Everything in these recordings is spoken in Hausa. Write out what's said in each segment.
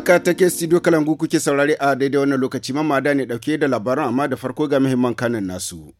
ta take studio kalangu kuke saurari a daidai wannan lokaci mamada ne dauke da labaran amma da farko ga muhimman kanan nasu.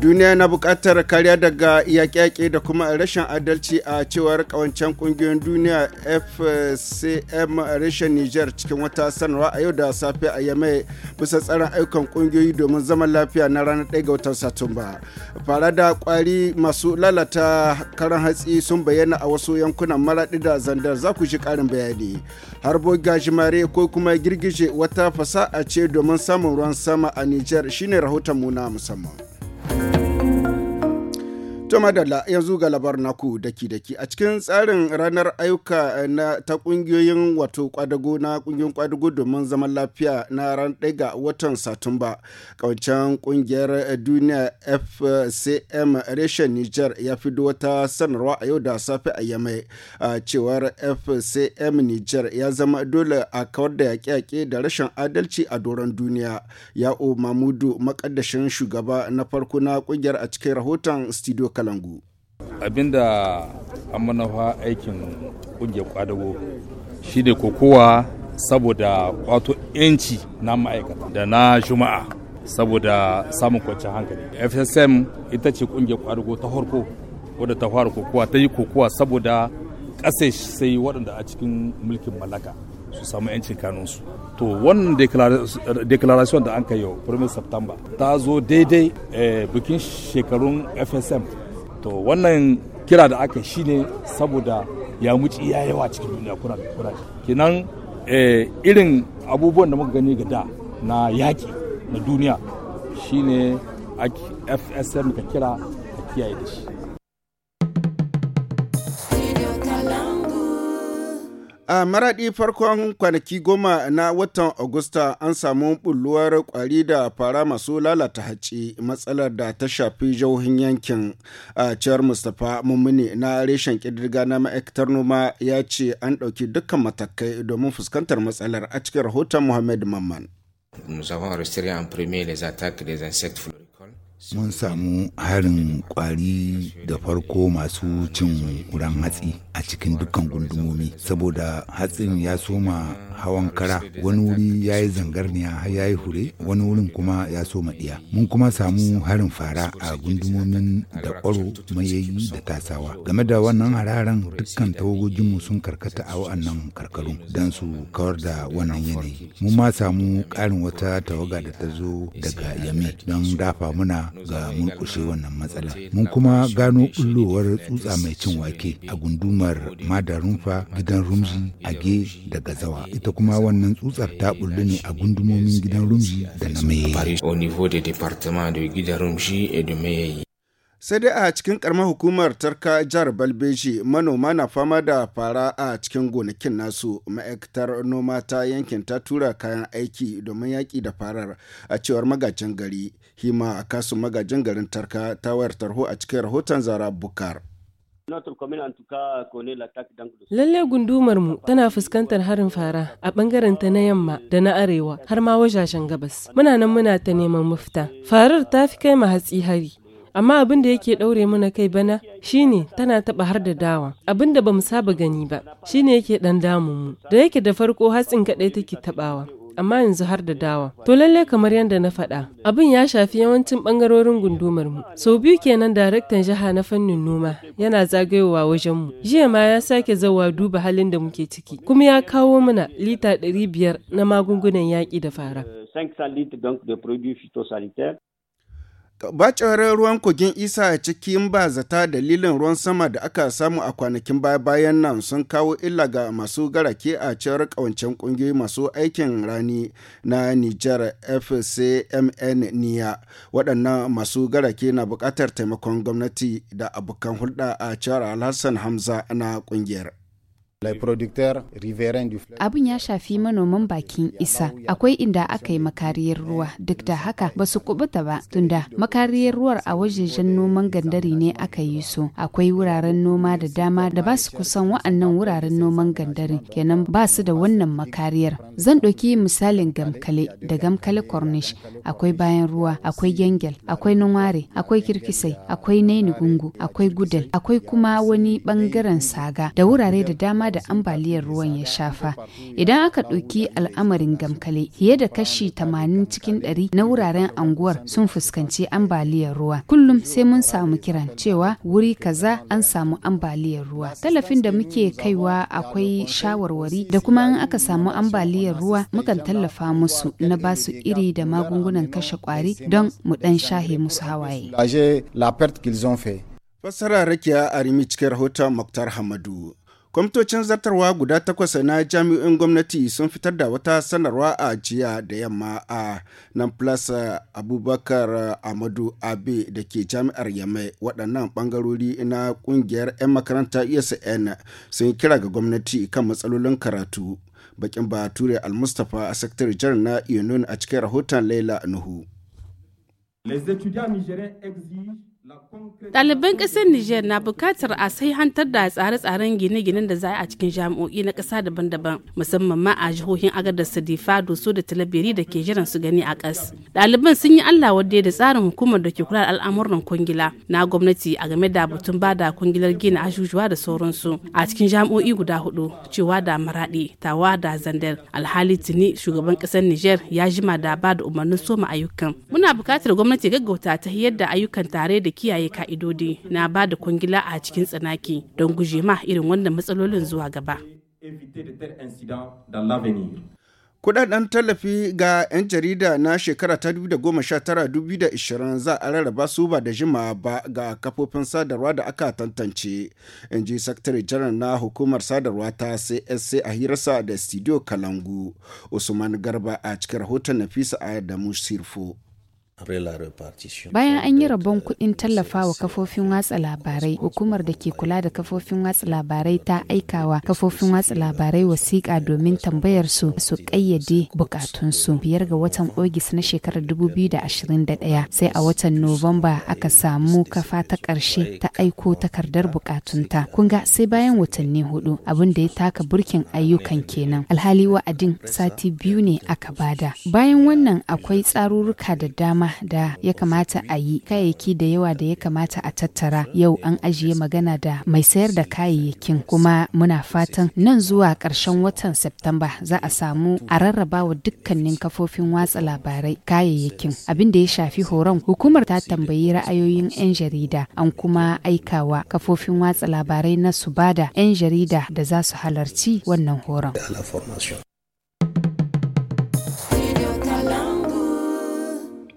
duniya na bukatar kariya daga yaƙe-yaƙe da kuma rashin adalci a cewar ƙawancen ƙungiyoyin duniya fcm rashin niger cikin wata sanarwa a yau da safe a yamai bisa tsarin ayyukan ƙungiyoyi domin zaman lafiya na ranar 1 ga watan satumba fara da ƙwari masu lalata karan hatsi sun bayyana a wasu yankunan maraɗi da zandar za ku ji ƙarin bayani harbo gajimare ko kuma girgije wata fasa'a ce domin samun ruwan sama a niger shine rahoton mu na musamman you To madalla yanzu ga labar naku daki daki a cikin tsarin ranar ayyuka eh, na ta kungiyoyin wato kwadago na kungiyoyin kwadago domin zaman lafiya na ran ɗaya ga watan Satumba. Kawancan ƙungiyar eh, duniya FCM reshen Niger ya fido wata sanarwa a yau da safe a Yamai a cewar FCM Niger ya zama dole a kawar da yaƙe-yaƙe da rashin adalci a doron duniya. Ya'o Mamudu makaddashin shugaba na farko na kungiyar a cikin rahoton Studio kalangu abinda an manafa aikin kungiyar kwadago shine kokowa saboda kwato 'yanci na ma'aikata da na juma'a saboda samun kwanciyar hankali fsm ita ce kungiyar kwadago ta harko wadda ta fara kokowa ta yi kokowa saboda ƙasa sai waɗanda a cikin mulkin mallaka su samu 'yancin kanunsu to wannan declaration da an kai yau 1 september ta zo daidai eh, bikin shekarun fsm to wannan kira da aka shi ne saboda ya muci ya yawa cikin duniya kuna da kuna kenan eh, irin abubuwan da muka gani ga da na yaƙi na duniya shine fsm ka kira a kiyaye da shi A maraɗi farkon kwanaki goma na watan Agusta an samu bulluwar kwari da fara masu lalata haci matsalar da ta shafi jauhin yankin. A ciyar Mustapha Mummuni na reshen ƙidirga na ma'aikatar noma ya ce an ɗauki dukkan matakai domin fuskantar matsalar a cikin rahoton Muhammad Mamman. mun samu harin kwari da farko masu cin wurin hatsi a cikin dukkan gundumomi saboda hatsin ya soma hawan kara wani wuri ya yi zangarniya har ya yi hure wani wurin kuma ya soma ɗiya mun kuma samu harin fara a gundumomin da ƙwaro mayayi da tasawa game da wannan hararen dukkan tawagoginmu sun karkata a wa'annan karkaru don su kawar da wannan yanayi mun ma samu ƙarin wata tawaga da ta zo daga yami don dafa muna ga mun kushe wannan matsala mun kuma gano bullowar tsutsa mai cin wake a gundumar madarunfa gidan rumji age da gazawa ita kuma wannan tsutsar ta bullu ne a gundumomin gidan rumji da na mai de sai dai a cikin karamar hukumar tarka jihar balbeji manoma na fama da fara a cikin gonakin nasu ma'aikatar noma ta yankin ta tura kayan aiki domin yaƙi da farar a cewar magajin gari hima a kasu magajin garin tarka ta wayar tarho a cikin rahoton zara bukar Lalle gundumar mu tana fuskantar harin fara a bangaren ta na yamma da na arewa har ma wajashen gabas. Muna nan muna ta neman mafita. Farar ta fi kai ma hatsi hari amma abin da yake ɗaure mana kai bana shine tana taɓa har da dawa abin da bamu saba gani ba shine yake ɗan damun mu da yake da farko hatsin kaɗai take taɓawa amma yanzu har da dawa to lalle kamar yadda na faɗa abin ya shafi yawancin ɓangarorin gundumar mu sau biyu kenan daraktan jiha na fannin noma yana zagayowa wajen mu jiya ma ya sake zauwa duba halin da muke ciki kuma ya kawo mana lita ɗari biyar na magungunan yaƙi da fara euh, litres de produits phytosanitaires Bacin ruwan kogin isa a cikin ba zata dalilin ruwan sama da aka samu a kwanakin baya bayan nan sun kawo illa ga masu garake a cewar kawancen kungiyoyi masu aikin rani na Nijar FCMN niya waɗannan masu garake na buƙatar taimakon gwamnati da abokan hulɗa a cewar Alhassan Hamza na ƙungiyar. Abin ya shafi manoman bakin isa, akwai inda aka yi makariyar ruwa duk da haka ba su kubuta ba tunda makariyar ruwar a wajejen noman gandari ne aka yi so, Akwai wuraren noma da dama da ba su kusan wa'annan wuraren noman gandari kenan ba su da wannan makariyar. Zan ɗauki misalin gamkale da gamkale cornish akwai bayan ruwa, akwai gengel, akwai nunware, akwai kirkisai, akwai nainigungu, akwai gudel, akwai kuma wani bangaren saga da wurare da dama dama da ambaliyar ruwan ya shafa. Idan aka ɗauki al'amarin gamkale, fiye da kashi tamanin cikin ɗari na wuraren anguwar sun fuskanci ambaliyar ruwa. Kullum sai mun samu kiran cewa wuri kaza an samu ambaliyar ruwa. Tallafin da muke kaiwa akwai shawarwari da kuma an aka samu ambaliyar ruwa mukan tallafa musu na basu iri da magungunan kashe kwari don mu dan shahe musu hawaye. Fassara rakiya a rimi cikin rahoton Muktar Hamadu. kwamitocin zartarwa guda takwas na jami'in gwamnati sun fitar da wata sanarwa a jiya da yamma a nan plus abubakar amadu abe da ke jami'ar yamai waɗannan ɓangarori na ƙungiyar 'yan makaranta usn e sun kira ga gwamnati kan matsalolin karatu bakin bature almustapha a sakatare jar na union a cikin rahoton laila nuhu Les daliban ƙasar Nijar na bukatar a sai hantar da tsare-tsaren gine-ginen da za a cikin jami'o'i na kasa daban-daban musamman ma a jihohin agar da Sadifa, Doso da Talabiri da ke jiran su gani a ƙas. Ɗaliban sun yi Allah wadda da tsarin hukumar da ke kula da al'amuran kwangila na gwamnati a game da batun ba da kungilar gina ajujuwa da sauransu a cikin jami'o'i guda hudu cewa da Maraɗi, Tawa da Zandar. Alhali tuni shugaban ƙasar Nijar ya jima da ba da umarnin soma ayyukan. Muna buƙatar gwamnati gaggauta ta yadda ayyukan tare da kiyaye ka'idodi na ba da kwangila a cikin tsanaki don guje ma irin wannan matsalolin zuwa gaba. Kudaden tallafi ga 'yan jarida na shekara ta 2019-2020 za a rarraba su ba da jima ba ga kafofin sadarwa da aka tantance, in ji Sakatare Janar na Hukumar Sadarwa ta CSC a hirarsa da Studio Kalangu, Usman Garba a cikin rahoton Nafisa Adamu Sirfo. Bayan an yi rabon euh, kuɗin tallafawa kafofin watsa labarai, hukumar da ke kula da kafofin watsa labarai ta aikawa kafofin watsa labarai wasiƙa domin tambayar su su ƙayyade bukatunsu biyar ga watan Ogis na shekarar 2021 sai a watan Nuwamba aka samu kafa ta ƙarshe ta aiko takardar bukatunta. Kunga sai bayan watanni hudu abin da ya taka burkin ayyukan kenan. Alhali wa'adin sati biyu ne aka bada. Bayan wannan akwai tsarurruka da dama dama da ya kamata a yi kayayyaki da yawa da ya kamata a tattara yau an ajiye magana da mai sayar da kayayyakin kuma muna fatan nan zuwa ƙarshen watan september za a samu a rarraba wa dukkanin kafofin watsa labarai kayayyakin abin da ya shafi horon hukumar ta tambayi ra'ayoyin 'yan jarida an kuma aikawa kafofin watsa labarai na su bada 'yan jarida da za su halarci wannan horon.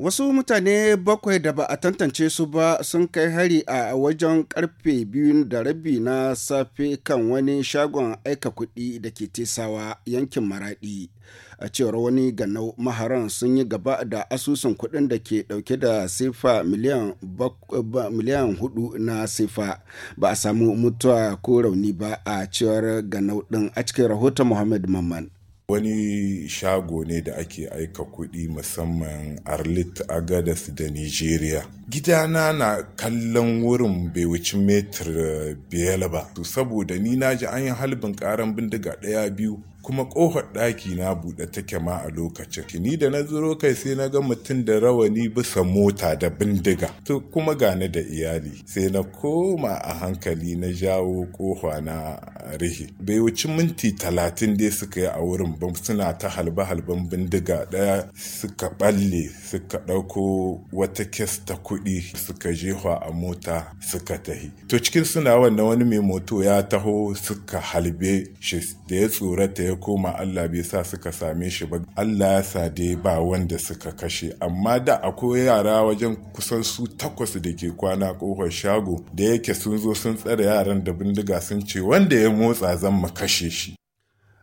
Wasu mutane bakwai da ba a tantance su ba sun kai hari a wajen karfe biyu da rabi na safe kan wani shagon aika kuɗi da ke tesawa yankin maraɗi. A cewar wani ganau maharan sun yi gaba da asusun kuɗin da ke ɗauke da sifa miliyan hudu na sifa ba a samu mutuwa ko rauni ba a cewar ganau ɗin a cikin rahoton Muhammad Mamman. Wani shago ne da ake aika kuɗi musamman Arlit Agadas da Nigeria. Gidana na kallon wurin bai wuci metir biyar ba. Saboda ni na ji an yi halbin karan bindiga ɗaya biyu kuma ƙofar ɗaki na buɗe take ma a lokacin ni da na zuro kai sai na ga mutum da rawani bisa mota da bindiga to kuma gane da iyali sai na koma a hankali na jawo ƙofa na rihe bai wuci minti talatin dai suka yi a wurin ba suna ta halba halban bindiga ɗaya suka ɓalle suka ɗauko wata kes ta kuɗi suka jefa a mota suka tahi to cikin suna wannan wani mai moto ya taho suka halbe shi da ya tsorata ya koma Allah bai sa suka same shi ba Allah ya sade ba wanda suka kashe amma da akwai yara wajen kusan su takwas da ke kwana kohon shago da yake sun zo sun tsare yaran da bindiga sun ce wanda ya motsa zan mu kashe shi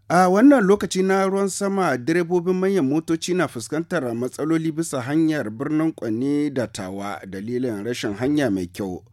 a wannan lokaci na ruwan sama direbobin manyan motoci na fuskantar matsaloli bisa hanyar birnin kwanne da tawa dalilin rashin hanya mai kyau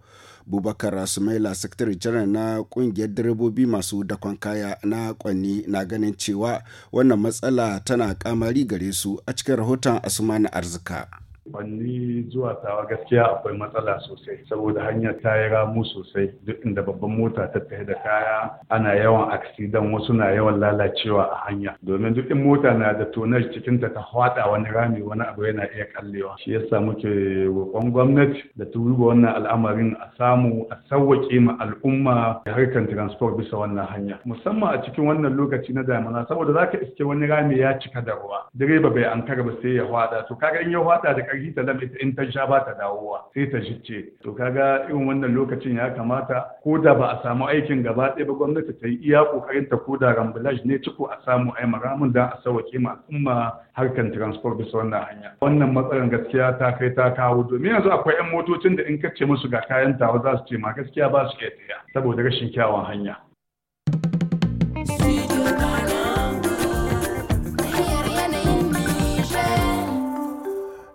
bubakar sumaila sakatare janar na kungiyar direbobi masu dakon kaya na kwanni na ganin cewa wannan matsala tana kamari gare su a cikin rahoton na arzika Banni zuwa tawa gaskiya akwai matsala sosai saboda hanyar ta yi ramu sosai duk inda babban mota ta tafi da kaya ana yawan aksidan wasu na yawan lalacewa a hanya domin duk in mota na da tonar cikin ta hwada wani rami wani abu yana iya kallewa shi yasa muke roƙon gwamnati da ta duba wannan al'amarin a samu a sauwaƙe ma al'umma harkar transport bisa wannan hanya musamman a cikin wannan lokaci na damina saboda zaka iske wani rami ya cika da ruwa direba bai ankara ba sai ya hwada to kaga in ya hwada da ƙarfi ta zama in ta sha ba ta dawowa sai ta shicce to kaga irin wannan lokacin ya kamata ko da ba a samu aikin gaba ɗaya ba gwamnati ta yi iya ƙoƙarin ta ko da rambulaj ne ciko a samu ai maramin don a sauwaƙe ma al'umma harkan transport bisa wannan hanya wannan matsalar gaskiya ta kai ta kawo domin yanzu akwai 'yan motocin da in kace musu ga kayan tawa za su ce ma gaskiya ba su iya saboda rashin kyawawan hanya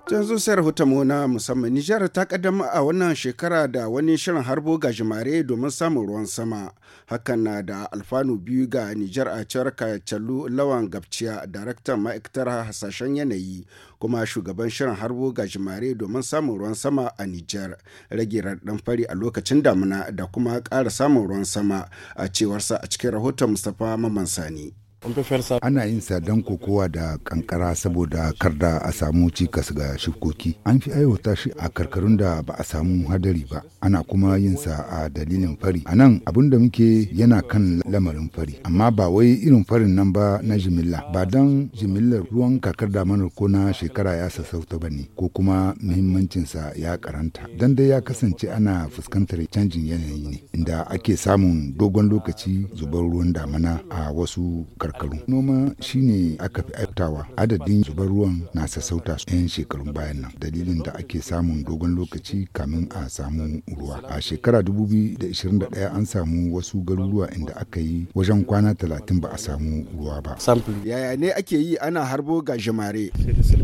tun zo rahoton mu na musamman nijar ta kaddama a wannan shekara da wani shirin harbo gajimare domin samun ruwan sama hakan na da alfanu biyu ga nijar a cewar kacalu lawan gabciya daraktan ma'aikatar hasashen yanayi kuma shugaban shirin harbo gajimare domin samun ruwan sama a nijar rage raɗin fari a lokacin damuna da kuma ƙara samun ruwan sama a cewarsa a cikin rahoton mustapha mamman sani Ana yin sa don kokowa da kankara saboda kar da a samu cikas ga shukoki. An fi aiwata shi a karkarun da ba a samu hadari ba. Ana kuma yin sa a dalilin fari. A nan abin da muke yana kan lamarin fari. Amma ba wai irin farin nan ba na jimilla. Ba don jimillar ruwan kakar manar ko na shekara ya sassauta ba ne ko kuma muhimmancinsa ya karanta. Dan dai ya kasance ana fuskantar canjin yanayi ne inda ake samun dogon lokaci zubar ruwan damana a wasu kar karkaru noma shine aka fi aiftawa adadin zubar ruwan na sassauta yan shekarun bayan nan dalilin da ake samun dogon lokaci kamin a samu ruwa a shekara 2021 an samu wasu garuruwa inda aka yi wajen kwana 30 ba a samu ruwa ba yaya ne ake yi ana harbo ga jamare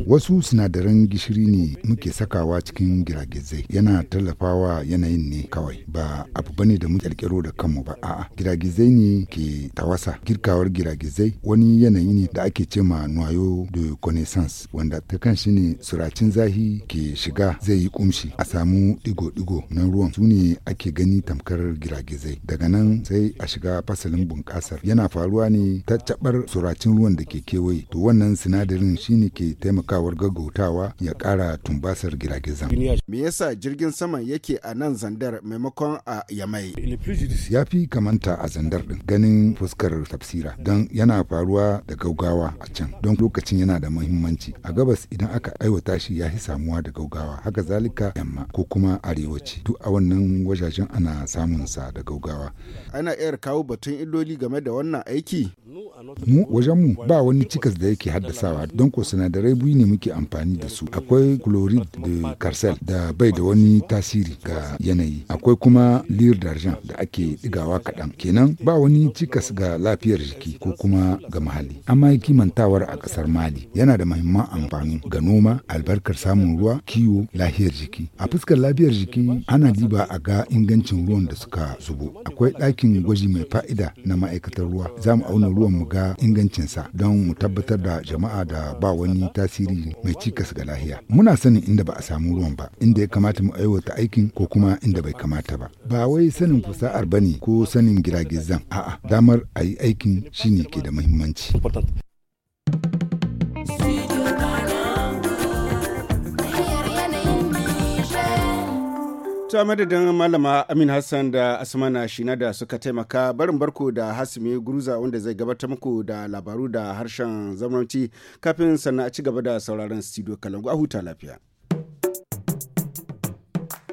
wasu sinadaran gishiri ne muke sakawa cikin giragizai yana tallafawa yanayin ne kawai ba abu bane da mu kirkiro da kanmu ba a'a giragizai ne ke tawasa girkawar giragizai zai wani yanayi ne da ake ce ma noyo de connaissance wanda ta kan shi ne suracin zahi ke shiga zai yi kumshi a samu digo-digo na ruwan su ne ake gani tamkar giragizai daga nan sai a shiga fasalin bunƙasar yana faruwa ne ta caɓar suracin ruwan da ke kewaye to wannan sinadarin shine ke taimakawar gaggautawa ya kara tumbasar giragizan me yasa jirgin sama yake a nan zandar maimakon a yamai ya fi kamanta a zandar din ganin fuskar tafsira don yana yana faruwa da gaugawa a can don lokacin yana da muhimmanci a gabas idan aka aiwata shi ya fi samuwa da gaugawa haka zalika yamma ko kuma arewaci duk a wannan wajajen ana samun sa da gaugawa ana iya kawo batun illoli game da wannan aiki mu wajen mu ba wani cikas da yake haddasawa don ko sinadarai biyu ne muke amfani da su akwai chloride da carcel da bai da wani tasiri ga yanayi akwai kuma lir d'argent da ake digawa kaɗan kenan ba wani cikas ga lafiyar jiki ko kuma kuma ga muhalli amma kimantawar a ƙasar mali yana da mahimman amfani ga noma albarkar samun ruwa kiwo lahiyar jiki a fuskar lafiyar jiki ana diba a ga ingancin ruwan da suka zubo akwai ɗakin gwaji mai fa'ida na ma'aikatar ruwa za mu auna ruwan mu ga ingancin sa don mu tabbatar da jama'a da ba wani tasiri mai cikas ga lahiya muna sanin inda ba a samu ruwan ba inda ya kamata mu aiwata aikin ko kuma inda bai kamata ba ba wai sanin ba ne. ko sanin giragizan a'a damar a yi aikin shine ke da muhimmanci. ta madadin malama amin hassan da asmana shina da suka taimaka barin barku da hasimi guruza wanda zai gabatar muku da labaru da harshen zamanci kafin sannan a ci gaba da sauraron studio kalangu a huta lafiya.